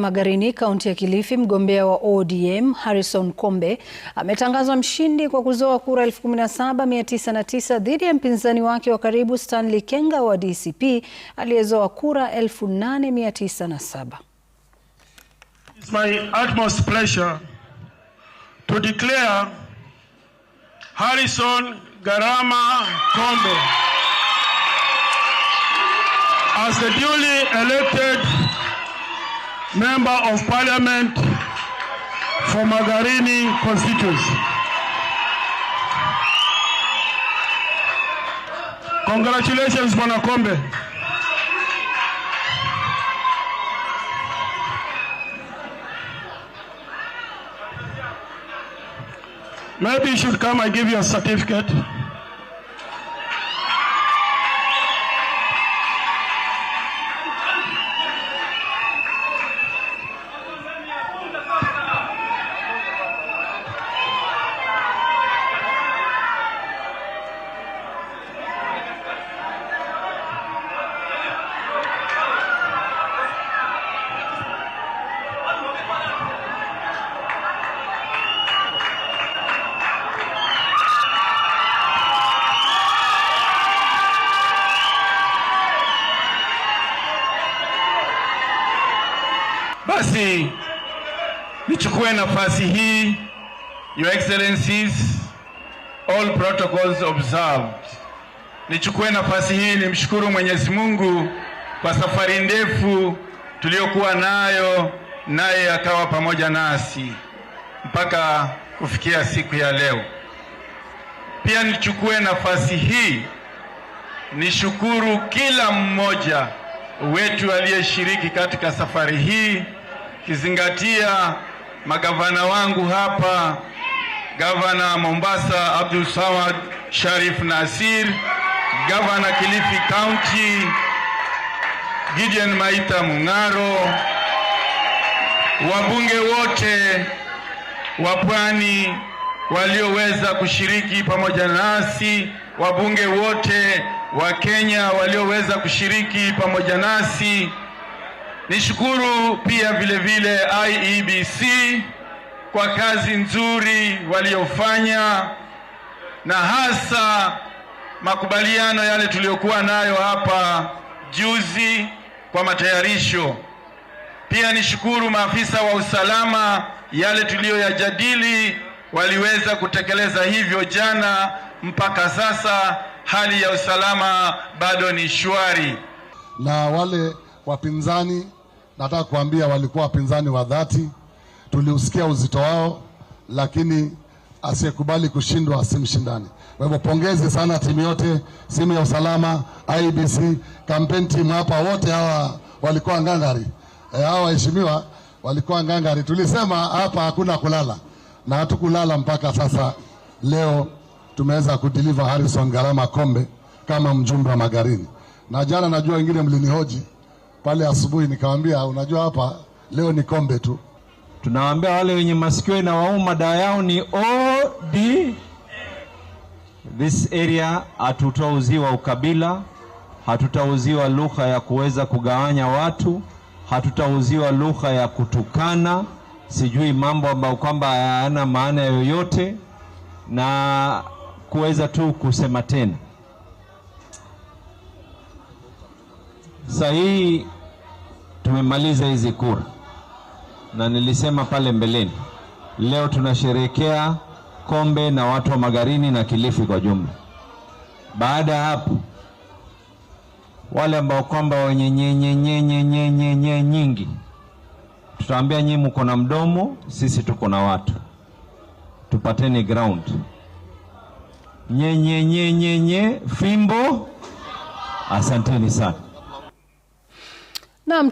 Magarini kaunti ya Kilifi, mgombea wa ODM Harrison Kombe ametangazwa mshindi kwa kuzoa kura 17909 dhidi ya mpinzani wake wa karibu Stanley Kenga wa DCP aliyezoa kura 8907. It's my utmost pleasure to declare Harrison Garama Kombe as the duly elected Member of Parliament for Magarini constituency. Congratulations, Bwana Kombe. Maybe you should come and give you a certificate. Basi nichukue nafasi hii, Your Excellencies, all protocols observed. Nichukue nafasi hii nimshukuru Mwenyezi Mungu kwa safari ndefu tuliyokuwa nayo, naye akawa pamoja nasi mpaka kufikia siku ya leo. Pia nichukue nafasi hii nishukuru kila mmoja wetu aliyeshiriki katika safari hii kizingatia magavana wangu hapa, gavana Mombasa Abdul Samad Sharif Nasir, gavana Kilifi County Gideon Maita Mung'aro, wabunge wote wa Pwani walioweza kushiriki pamoja nasi, wabunge wote wa Kenya walioweza kushiriki pamoja nasi. Nishukuru pia vile vile IEBC kwa kazi nzuri waliofanya na hasa makubaliano yale tuliyokuwa nayo hapa juzi kwa matayarisho. Pia nishukuru maafisa wa usalama, yale tuliyoyajadili waliweza kutekeleza hivyo jana. Mpaka sasa hali ya usalama bado ni shwari na wale wapinzani, nataka kuambia walikuwa wapinzani wa dhati, tuliusikia uzito wao, lakini asiyekubali kushindwa asimshindani. Kwa hivyo pongezi sana timu yote, simu ya usalama, IBC, campaign team hapa, wote hawa walikuwa ngangari. E, hawa waheshimiwa walikuwa ngangari. Tulisema hapa hakuna kulala na hatukulala mpaka sasa. Leo tumeweza kudeliver Harrison Garama kombe kama mjumbe wa Magarini, na jana najua wengine mlinihoji pale asubuhi, nikamwambia unajua, hapa leo ni kombe tu. Tunawaambia wale wenye masikio inawauma, dawa yao ni OD. This area hatutauziwa ukabila, hatutauziwa lugha ya kuweza kugawanya watu, hatutauziwa lugha ya kutukana, sijui mambo ambayo kwamba hayana maana yoyote na kuweza tu kusema tena Sahihi, tumemaliza hizi kura, na nilisema pale mbeleni, leo tunasherehekea Kombe na watu wa Magarini na Kilifi kwa jumla. Baada ya hapo, wale ambao kwamba wenye nyenyenyenyenyenyenye nyingi, tutaambia nyinyi mko na mdomo, sisi tuko na watu, tupateni ground nyenyenyenyenye fimbo. Asanteni sana.